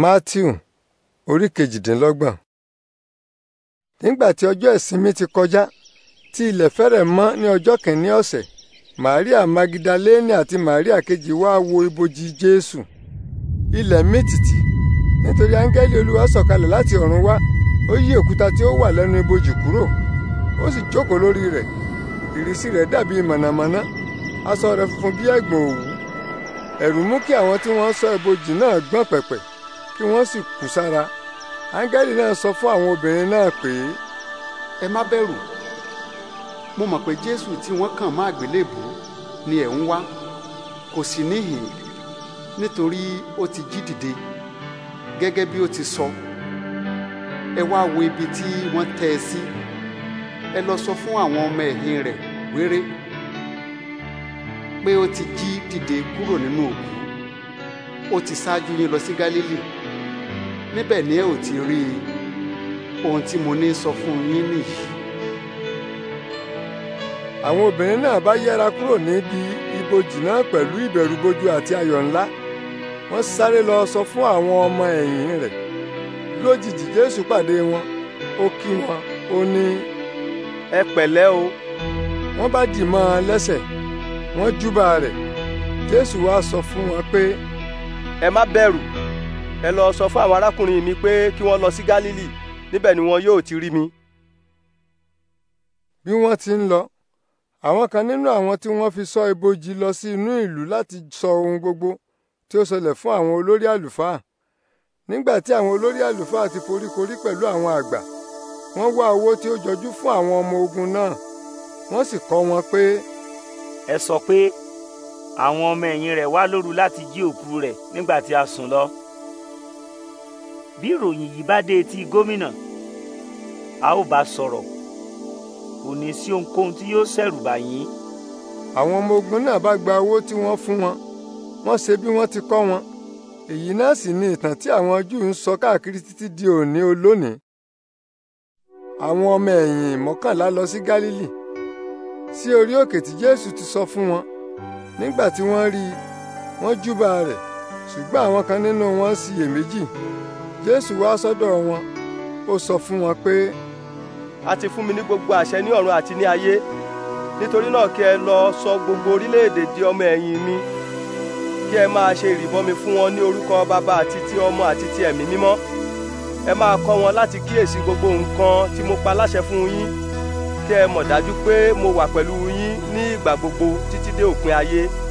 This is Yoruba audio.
matthew orí kejìdínlọ́gbọ̀n. nígbà tí ọjọ́ ìsinmi ti kọjá tí ilẹ̀ fẹ́rẹ̀ mọ́ ní ọjọ́ kìíní ọ̀sẹ̀ maria magdalene àti maria kejì wá wo ibojì jésù ilẹ̀ mìtìtì nítorí áńgẹ́lì olúwa sọ̀kalẹ̀ láti ọ̀run wá ó yí òkúta tí ó wà lẹ́nu ibojì kúrò ó sì jókòó lórí rẹ̀ ìrísí rẹ̀ dàbí mànàmáná aṣọ rẹ̀ funfun bí ẹ̀gbọ̀n òwú ẹ̀rù mú kí àwọn tí wọ́n ṣọ́ ibojì náà gbọ̀n pẹ̀pẹ̀ tí wọ́n sì kù sára áńgẹ́lì náà sọ fún àwọn obìnrin náà pé. ẹ má bẹ̀rù mo mọ̀ pé jésù tí wọ́n kàn má àgbélébùú ni ẹ̀ ń wá kò sì níhìn nítorí ó ti jí dìde gẹ́gẹ́ bí ó ti sọ ẹ wá wo ibi tí wọ́n tẹ́ ẹ sí ẹ lọ sọ fún àwọn ọmọ ẹ̀yìn rẹ̀ wéré pé ó ti jí dìde kúrò nínú òkú ó ti ṣáájú yín lọ sí Gálílì níbẹ̀ ni ẹ ò ti rí i ohun tí mo ní sọ fún yín nìyí. àwọn obìnrin náà bá yẹra kúrò níbi ibojì náà pẹ̀lú ìbẹ̀rùbojo àti ayọ̀ ńlá wọ́n sáré lọ sọ fún àwọn ọmọ ẹ̀yìn rẹ̀ lójijì jésù pàdé wọn ó kí wọn ó ní. ẹ pẹ̀lẹ́ o. wọ́n bá dì mọ́ ọ lẹ́sẹ̀ wọ́n júbà rẹ̀ jésù wá sọ fún wọn pé. ẹ má bẹ̀rù ẹ lọ sọ fún àwọn arákùnrin mi pé kí wọ́n lọ sí Gálílì níbẹ̀ ni wọn yóò ti rí mi. bí wọ́n ti ń lọ àwọn kan nínú àwọn tí wọ́n fi sọ ibojì lọ sí inú ìlú láti sọ ohun gbogbo tí ó ṣẹlẹ̀ fún àwọn olórí àlùfáà nígbà tí àwọn olórí àlùfáà ti foríkorí pẹ̀lú àwọn àgbà wọ́n wá owó tí ó jọjú fún àwọn ọmọ ogun náà wọ́n sì kọ́ wọn pé. ẹ sọ pé àwọn ọmọ ẹ̀yìn rẹ̀ wá lóru láti jí òkú rẹ̀ nígbà tí a sùn lọ bí ìròyìn yìí bá dé etí gómìnà a ó bá sọ̀rọ̀ kò ní sí ohunkóhun tí yóò ṣẹ̀rù bà yín. àwọn ọmọ ogun náà bá gba owó tí wọ́n fún wọn wọ́n ṣe bí wọ́n ti kọ́ wọn èyí náà sì ni ìtàn tí àwọn Júù ń sọ káàkiri títí di òní olónìí. àwọn ọmọ ẹ̀yìn mọ́kànlá lọ sí Gálílì sí orí òkè tí Jésù ti sọ fún wọn nígbà tí wọ́n rí i wọ́n júbà rẹ̀ ṣùgbọ́n àwọn kan nínú wọn ṣiyèméjì jésù wá sọ́dọ̀ wọn ó sọ fún wọn pé. a ti fún mi ní gbogbo àṣẹ ní ọ̀run àti ní ayé nítorí náà kí ẹ lọ sọ gbogbo orílẹ̀-èdè di ọmọ ẹ̀yìn mi kí ẹ máa ṣe ìrìbọmi fún wọn ní orúkọ bàbá àti ti ọmọ àti ti ẹ̀mí mímọ́ ẹ máa kọ́ wọn láti kíyèsí gbogbo nǹkan tí mo pa láṣẹ fún yín kí ẹ mọ̀ dájú pé mo wà pẹ̀lú yín ní ìgbà gbogbo títí dé òpin ayé.